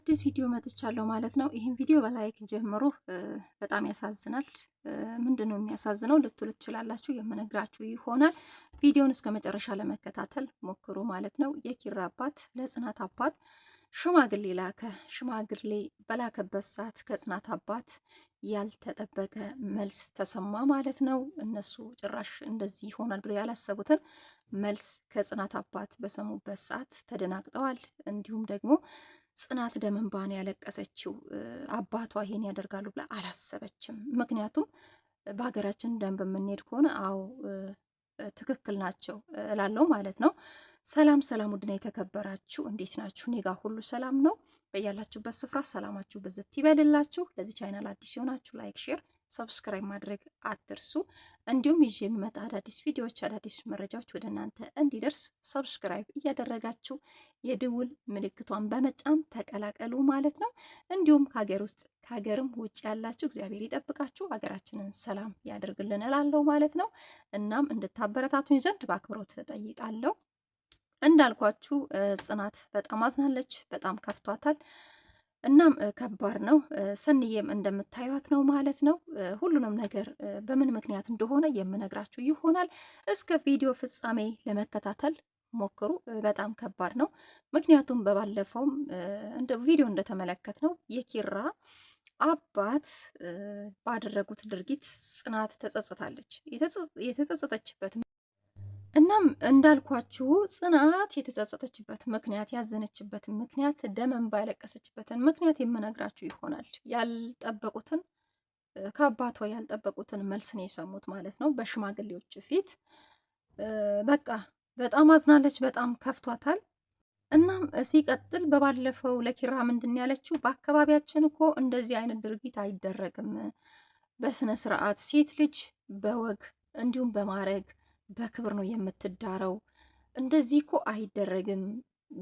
በአዲስ ቪዲዮ መጥቻለሁ ማለት ነው። ይህን ቪዲዮ በላይክ ጀምሩ። በጣም ያሳዝናል። ምንድን ነው የሚያሳዝነው ልትሉ ትችላላችሁ። የምነግራችሁ ይሆናል። ቪዲዮን እስከ መጨረሻ ለመከታተል ሞክሩ ማለት ነው። የኪራ አባት ለጽናት አባት ሽማግሌ ላከ። ሽማግሌ በላከበት ሰዓት ከጽናት አባት ያልተጠበቀ መልስ ተሰማ ማለት ነው። እነሱ ጭራሽ እንደዚህ ይሆናል ብለው ያላሰቡትን መልስ ከጽናት አባት በሰሙበት ሰዓት ተደናግጠዋል። እንዲሁም ደግሞ ጽናት ደመንባን ያለቀሰችው አባቷ ይሄን ያደርጋሉ ብላ አላሰበችም። ምክንያቱም በሀገራችን ደንብ የምንሄድ ከሆነ አዎ ትክክል ናቸው እላለው ማለት ነው። ሰላም ሰላም፣ ውድና የተከበራችሁ እንዴት ናችሁ? እኔ ጋር ሁሉ ሰላም ነው። በያላችሁበት ስፍራ ሰላማችሁ ብዝት ይበልላችሁ። ለዚህ ቻይናል አዲስ የሆናችሁ ላይክ፣ ሼር ሰብስክራይብ ማድረግ አትርሱ። እንዲሁም ይዤ የሚመጣ አዳዲስ ቪዲዮዎች፣ አዳዲስ መረጃዎች ወደ እናንተ እንዲደርስ ሰብስክራይብ እያደረጋችሁ የድውል ምልክቷን በመጫን ተቀላቀሉ ማለት ነው። እንዲሁም ከሀገር ውስጥ ከሀገርም ውጭ ያላችሁ እግዚአብሔር ይጠብቃችሁ፣ ሀገራችንን ሰላም ያደርግልን እላለሁ ማለት ነው። እናም እንድታበረታቱኝ ዘንድ በአክብሮት እጠይቃለሁ። እንዳልኳችሁ ጽናት በጣም አዝናለች፣ በጣም ከፍቷታል። እናም ከባድ ነው። ሰንዬም እንደምታዩት ነው ማለት ነው። ሁሉንም ነገር በምን ምክንያት እንደሆነ የምነግራችሁ ይሆናል። እስከ ቪዲዮ ፍጻሜ ለመከታተል ሞክሩ። በጣም ከባድ ነው። ምክንያቱም በባለፈውም ቪዲዮ እንደተመለከት ነው የኪራ አባት ባደረጉት ድርጊት ጽናት ተጸጽታለች። የተጸጸተችበት እናም እንዳልኳችሁ ጽናት የተጸጸተችበት ምክንያት ያዘነችበትን ምክንያት ደመን ባይለቀሰችበትን ምክንያት የምነግራችሁ ይሆናል። ያልጠበቁትን ከአባቷ ያልጠበቁትን መልስ ነው የሰሙት ማለት ነው በሽማግሌዎች ፊት። በቃ በጣም አዝናለች፣ በጣም ከፍቷታል። እናም ሲቀጥል በባለፈው ለኪራ ምንድን ያለችው በአካባቢያችን እኮ እንደዚህ አይነት ድርጊት አይደረግም፣ በስነ ስርዓት ሴት ልጅ በወግ እንዲሁም በማረግ በክብር ነው የምትዳረው፣ እንደዚህ እኮ አይደረግም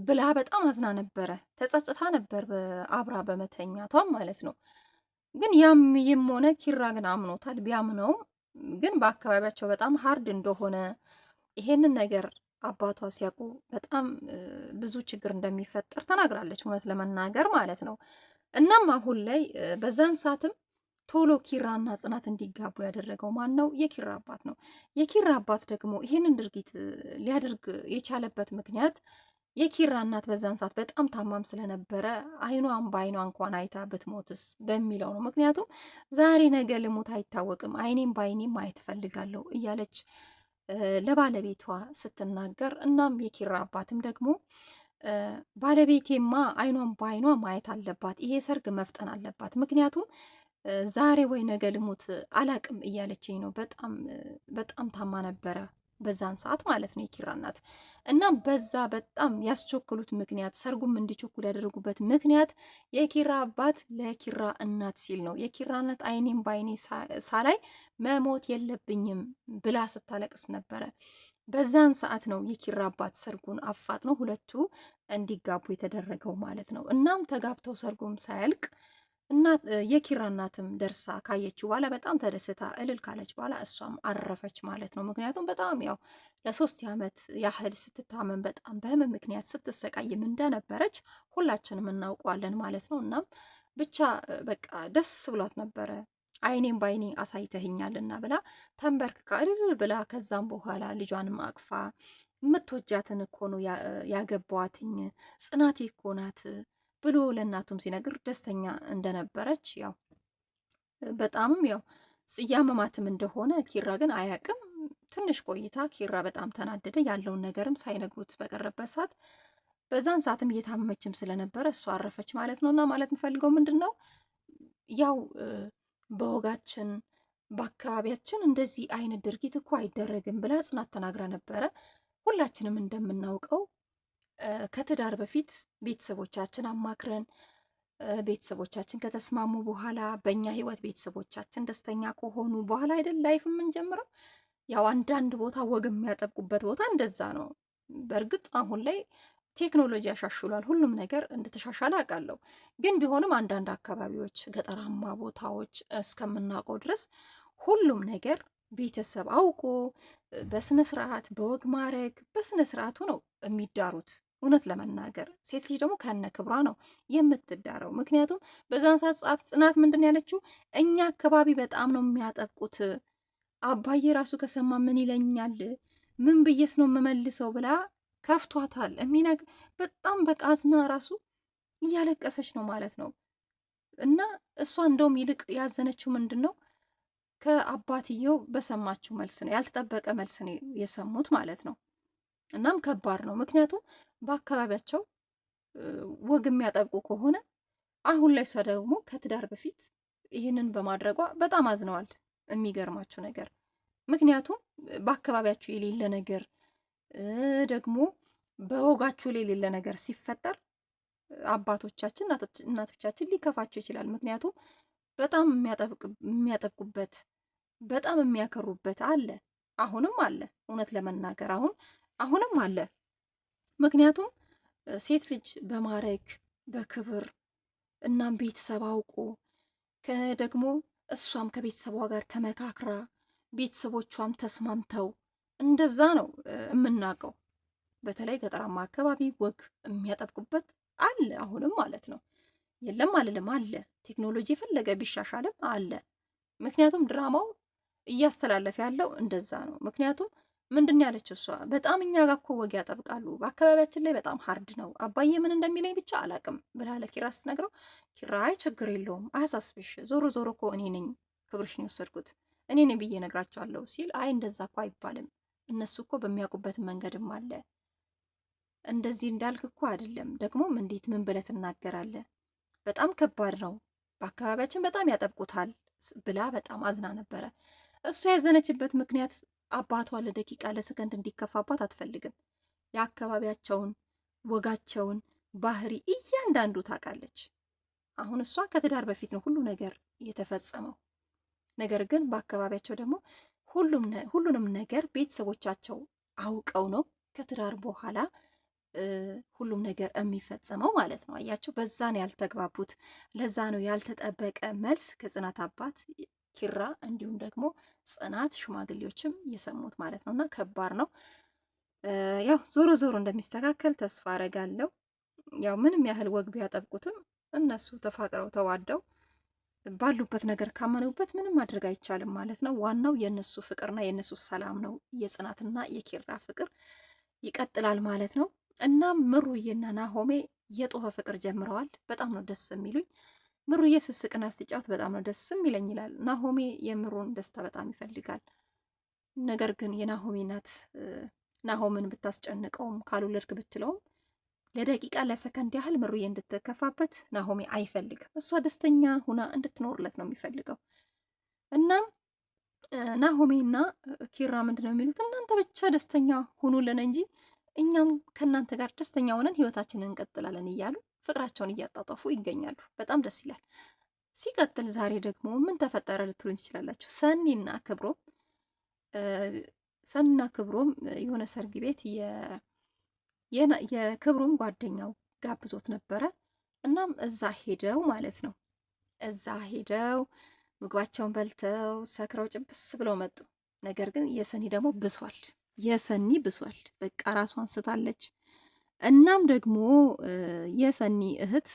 ብላ በጣም አዝና ነበረ። ተጸጽታ ነበር አብራ በመተኛቷም ማለት ነው። ግን ያም ይም ሆነ ኪራ ግን አምኖታል። ቢያምነውም ግን በአካባቢያቸው በጣም ሀርድ እንደሆነ ይሄንን ነገር አባቷ ሲያውቁ በጣም ብዙ ችግር እንደሚፈጠር ተናግራለች፣ እውነት ለመናገር ማለት ነው። እናም አሁን ላይ በዛን ሰዓትም ቶሎ ኪራና ጽናት እንዲጋቡ ያደረገው ማን ነው? የኪራ አባት ነው። የኪራ አባት ደግሞ ይህንን ድርጊት ሊያደርግ የቻለበት ምክንያት የኪራ እናት በዛን ሰዓት በጣም ታማም ስለነበረ አይኗን በአይኗ እንኳን አይታ ብትሞትስ በሚለው ነው። ምክንያቱም ዛሬ ነገ ልሞት አይታወቅም፣ አይኔም በአይኔም ማየት እፈልጋለሁ እያለች ለባለቤቷ ስትናገር፣ እናም የኪራ አባትም ደግሞ ባለቤቴማ አይኗን በአይኗ ማየት አለባት፣ ይሄ ሰርግ መፍጠን አለባት፣ ምክንያቱም ዛሬ ወይ ነገ ልሙት አላቅም እያለችኝ ነው። በጣም በጣም ታማ ነበረ በዛን ሰዓት ማለት ነው የኪራ እናት እና በዛ በጣም ያስቸኩሉት ምክንያት ሰርጉም እንዲቸኩል ያደረጉበት ምክንያት የኪራ አባት ለኪራ እናት ሲል ነው። የኪራ እናት አይኔም በአይኔ ሳላይ መሞት የለብኝም ብላ ስታለቅስ ነበረ። በዛን ሰዓት ነው የኪራ አባት ሰርጉን አፋጥነው ሁለቱ እንዲጋቡ የተደረገው ማለት ነው። እናም ተጋብተው ሰርጉም ሳያልቅ እናት የኪራ እናትም ደርሳ ካየች በኋላ በጣም ተደስታ እልል ካለች በኋላ እሷም አረፈች ማለት ነው። ምክንያቱም በጣም ያው ለሶስት ዓመት ያህል ስትታመም በጣም በህመም ምክንያት ስትሰቃይም እንደነበረች ሁላችንም እናውቀዋለን ማለት ነው። እናም ብቻ በቃ ደስ ብሏት ነበረ አይኔም በአይኔ አሳይተህኛልና ብላ ተንበርክካ እልል ብላ ከዛም በኋላ ልጇንም አቅፋ የምትወጃትን እኮ ነው ያገባዋትኝ ጽናቴ እኮ ናት ብሎ ለእናቱም ሲነግር ደስተኛ እንደነበረች ያው በጣምም ያው እያመማትም እንደሆነ ኪራ ግን አያውቅም። ትንሽ ቆይታ ኪራ በጣም ተናደደ። ያለውን ነገርም ሳይነግሩት በቀረበት ሰዓት በዛን ሰዓትም እየታመመችም ስለነበረ እሷ አረፈች ማለት ነው። እና ማለት የምፈልገው ምንድን ነው ያው በወጋችን በአካባቢያችን እንደዚህ አይነት ድርጊት እኮ አይደረግም ብላ ጽናት ተናግራ ነበረ። ሁላችንም እንደምናውቀው ከትዳር በፊት ቤተሰቦቻችን አማክረን ቤተሰቦቻችን ከተስማሙ በኋላ በእኛ ህይወት ቤተሰቦቻችን ደስተኛ ከሆኑ በኋላ አይደል ላይፍ የምንጀምረው። ያው አንዳንድ ቦታ ወግ የሚያጠብቁበት ቦታ እንደዛ ነው። በእርግጥ አሁን ላይ ቴክኖሎጂ ያሻሽሏል፣ ሁሉም ነገር እንደተሻሻለ አውቃለሁ። ግን ቢሆንም አንዳንድ አካባቢዎች፣ ገጠራማ ቦታዎች እስከምናውቀው ድረስ ሁሉም ነገር ቤተሰብ አውቆ በስነስርዓት በወግ ማረግ በስነስርዓቱ ነው የሚዳሩት እውነት ለመናገር ሴት ልጅ ደግሞ ከነ ክብሯ ነው የምትዳረው። ምክንያቱም በዛን ሰዓት ጽናት ምንድን ያለችው እኛ አካባቢ በጣም ነው የሚያጠብቁት፣ አባዬ ራሱ ከሰማ ምን ይለኛል? ምን ብዬስ ነው የምመልሰው? ብላ ከፍቷታል። የሚነግ በጣም በቃ አዝና ራሱ እያለቀሰች ነው ማለት ነው። እና እሷ እንደውም ይልቅ ያዘነችው ምንድን ነው ከአባትየው በሰማችው መልስ ነው። ያልተጠበቀ መልስ ነው የሰሙት ማለት ነው። እናም ከባድ ነው ምክንያቱም በአካባቢያቸው ወግ የሚያጠብቁ ከሆነ አሁን ላይ እሷ ደግሞ ከትዳር በፊት ይህንን በማድረጓ በጣም አዝነዋል። የሚገርማችሁ ነገር ምክንያቱም በአካባቢያችሁ የሌለ ነገር ደግሞ በወጋችሁ ላይ የሌለ ነገር ሲፈጠር አባቶቻችን እናቶቻችን ሊከፋቸው ይችላል። ምክንያቱም በጣም የሚያጠብቁበት በጣም የሚያከሩበት አለ፣ አሁንም አለ። እውነት ለመናገር አሁን አሁንም አለ ምክንያቱም ሴት ልጅ በማረግ በክብር እናም ቤተሰብ አውቆ ደግሞ እሷም ከቤተሰቧ ጋር ተመካክራ ቤተሰቦቿም ተስማምተው እንደዛ ነው የምናውቀው። በተለይ ገጠራማ አካባቢ ወግ የሚያጠብቁበት አለ አሁንም ማለት ነው። የለም አልልም፣ አለ ቴክኖሎጂ የፈለገ ቢሻሻልም አለ። ምክንያቱም ድራማው እያስተላለፈ ያለው እንደዛ ነው። ምክንያቱም ምንድን ያለችው እሷ በጣም እኛ ጋር እኮ ወግ ያጠብቃሉ፣ በአካባቢያችን ላይ በጣም ሀርድ ነው። አባዬ ምን እንደሚለኝ ብቻ አላቅም ብላ ለኪራ ስትነግረው ኪራ አይ ችግር የለውም አያሳስብሽ፣ ዞሮ ዞሮ እኮ እኔ ነኝ ክብርሽን የወሰድኩት እኔ ነኝ ብዬ ነግራቸዋለሁ ሲል አይ እንደዛ እኮ አይባልም፣ እነሱ እኮ በሚያውቁበት መንገድም አለ። እንደዚህ እንዳልክ እኮ አይደለም። ደግሞም እንዴት ምን ብለህ ትናገራለህ? በጣም ከባድ ነው፣ በአካባቢያችን በጣም ያጠብቁታል ብላ በጣም አዝና ነበረ። እሷ ያዘነችበት ምክንያት አባቷ ለደቂቃ ለሰከንድ እንዲከፋባት አትፈልግም። የአካባቢያቸውን ወጋቸውን፣ ባህሪ እያንዳንዱ ታውቃለች። አሁን እሷ ከትዳር በፊት ነው ሁሉ ነገር የተፈጸመው። ነገር ግን በአካባቢያቸው ደግሞ ሁሉንም ነገር ቤተሰቦቻቸው አውቀው ነው ከትዳር በኋላ ሁሉም ነገር የሚፈጸመው ማለት ነው። አያቸው፣ በዛ ነው ያልተግባቡት። ለዛ ነው ያልተጠበቀ መልስ ከጽናት አባት ኪራ እንዲሁም ደግሞ ጽናት ሽማግሌዎችም የሰሙት ማለት ነው። እና ከባድ ነው። ያው ዞሮ ዞሮ እንደሚስተካከል ተስፋ አረጋለሁ። ያው ምንም ያህል ወግ ቢያጠብቁትም እነሱ ተፋቅረው ተዋደው ባሉበት ነገር ካመኑበት ምንም ማድረግ አይቻልም ማለት ነው። ዋናው የእነሱ ፍቅርና የእነሱ ሰላም ነው። የጽናትና የኪራ ፍቅር ይቀጥላል ማለት ነው። እናም ምሩዬና ናሆሜ የጦፈ ፍቅር ጀምረዋል። በጣም ነው ደስ የሚሉኝ። ምሩዬ ስስቅና ስትጫወት በጣም ነው ደስ ይለኝ ይላል ናሆሜ። የምሩን ደስታ በጣም ይፈልጋል። ነገር ግን የናሆሜ እናት ናሆምን ብታስጨንቀውም ካልወለድክ ብትለውም ለደቂቃ ለሰከንድ ያህል ምሩዬ እንድትከፋበት ናሆሜ አይፈልግም። እሷ ደስተኛ ሁና እንድትኖርለት ነው የሚፈልገው። እናም ናሆሜና ኪራ ምንድን ነው የሚሉት? እናንተ ብቻ ደስተኛ ሁኑልን እንጂ እኛም ከእናንተ ጋር ደስተኛ ሆነን ህይወታችንን እንቀጥላለን እያሉ ፍቅራቸውን እያጣጣፉ ይገኛሉ። በጣም ደስ ይላል። ሲቀጥል ዛሬ ደግሞ ምን ተፈጠረ ልትሉ ትችላላችሁ። ሰኒና ክብሮም ሰኒና ክብሮም የሆነ ሰርግ ቤት የክብሮም ጓደኛው ጋብዞት ነበረ። እናም እዛ ሄደው ማለት ነው እዛ ሄደው ምግባቸውን በልተው ሰክረው ጭብስ ብለው መጡ። ነገር ግን የሰኒ ደግሞ ብሷል። የሰኒ ብሷል። በቃ ራሷን ስታለች። እናም ደግሞ የሰኒ እህት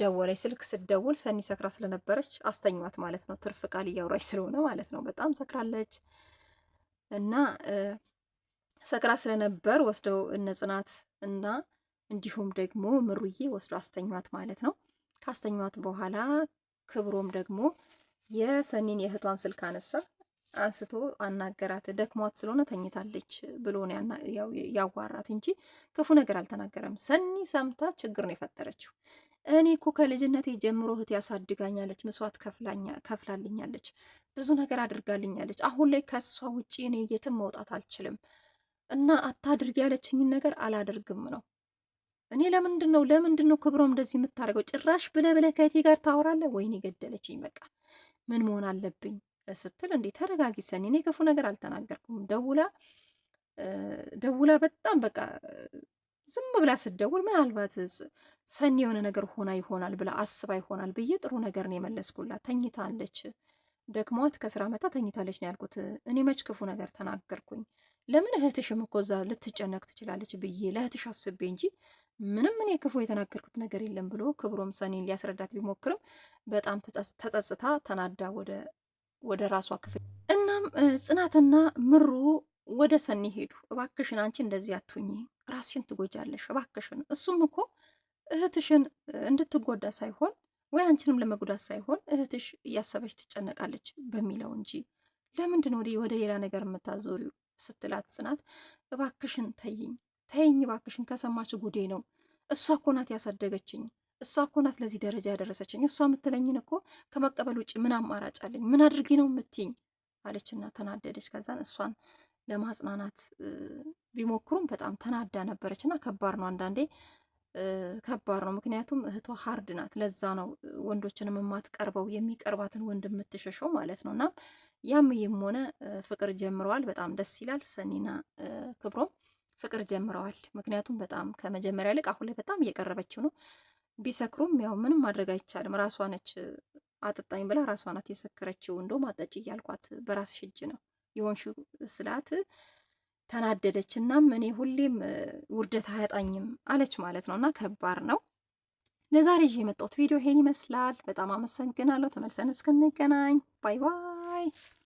ደወለች። ስልክ ስደውል ሰኒ ሰክራ ስለነበረች አስተኛት ማለት ነው። ትርፍ ቃል እያወራች ስለሆነ ማለት ነው። በጣም ሰክራለች እና ሰክራ ስለነበር ወስደው እነ ጽናት እና እንዲሁም ደግሞ ምሩዬ ወስዶ አስተኛት ማለት ነው። ካስተኟት በኋላ ክብሮም ደግሞ የሰኒን የእህቷን ስልክ አነሳ። አንስቶ አናገራት። ደክሟት ስለሆነ ተኝታለች ብሎ ያዋራት እንጂ ክፉ ነገር አልተናገረም። ሰኒ ሰምታ ችግር ነው የፈጠረችው። እኔ እኮ ከልጅነቴ ጀምሮ እህት ያሳድጋኛለች፣ መስዋዕት ከፍላልኛለች፣ ብዙ ነገር አድርጋልኛለች። አሁን ላይ ከእሷ ውጭ እኔ የትም መውጣት አልችልም እና አታድርግ ያለችኝን ነገር አላደርግም ነው እኔ ለምንድን ነው ለምንድን ነው ክብሮም እንደዚህ የምታደርገው? ጭራሽ ብለህ ብለህ ከእቴ ጋር ታወራለህ። ወይኔ ገደለችኝ። በቃ ምን መሆን አለብኝ ስትል እንዴ ተረጋጊ ሰኒ፣ እኔ ክፉ ነገር አልተናገርኩም። ደውላ ደውላ በጣም በቃ ዝም ብላ ስደውል ምናልባት ሰኒ የሆነ ነገር ሆና ይሆናል ብላ አስባ ይሆናል ብዬ ጥሩ ነገር ነው የመለስኩላት። ተኝታለች፣ ደክሟት ከስራ መታ ተኝታለች ነው ያልኩት። እኔ መች ክፉ ነገር ተናገርኩኝ? ለምን እህትሽም እኮ እዛ ልትጨነቅ ትችላለች ብዬ ለእህትሽ አስቤ እንጂ ምንም እኔ ክፉ የተናገርኩት ነገር የለም ብሎ ክብሮም ሰኒን ሊያስረዳት ቢሞክርም በጣም ተጸጽታ ተናዳ ወደ ወደ ራሷ ክፍል። እናም ጽናትና ምሩ ወደ ሰኒ ሄዱ። እባክሽን አንቺ እንደዚህ አትሁኚ፣ ራስሽን ትጎጃለሽ፣ እባክሽን። እሱም እኮ እህትሽን እንድትጎዳ ሳይሆን ወይ አንቺንም ለመጉዳት ሳይሆን እህትሽ እያሰበች ትጨነቃለች በሚለው እንጂ ለምንድን ወደ ወደ ሌላ ነገር የምታዞሪው ስትላት ጽናት እባክሽን ተይኝ፣ ተይኝ፣ እባክሽን ከሰማች ጉዴ ነው። እሷ እኮ ናት ያሳደገችኝ እሷ እኮ ናት ለዚህ ደረጃ ያደረሰችኝ። እሷ የምትለኝን እኮ ከመቀበል ውጭ ምን አማራጭ አለኝ? ምን አድርጌ ነው የምትይኝ? አለችና ተናደደች። ከዛን እሷን ለማጽናናት ቢሞክሩም በጣም ተናዳ ነበረች። እና ከባድ ነው አንዳንዴ ከባድ ነው። ምክንያቱም እህቷ ሀርድ ናት። ለዛ ነው ወንዶችንም የማትቀርበው የሚቀርባትን ወንድ የምትሸሸው ማለት ነው። እና ያም ይህም ሆነ ፍቅር ጀምረዋል። በጣም ደስ ይላል። ሰኒና ክብሮም ፍቅር ጀምረዋል። ምክንያቱም በጣም ከመጀመሪያ ይልቅ አሁን ላይ በጣም እየቀረበችው ነው። ቢሰክሩም ያው ምንም ማድረግ አይቻልም። ራሷ ነች አጠጣኝ ብላ ራሷ ናት የሰከረችው። እንደውም አጠጪ እያልኳት በራስሽ እጅ ነው የሆንሽው ስላት ተናደደች። እናም እኔ ሁሌም ውርደት አያጣኝም አለች ማለት ነው። እና ከባድ ነው። ለዛሬ ይዤ የመጣሁት ቪዲዮ ይሄን ይመስላል። በጣም አመሰግናለሁ። ተመልሰን እስክንገናኝ ባይ ባይ።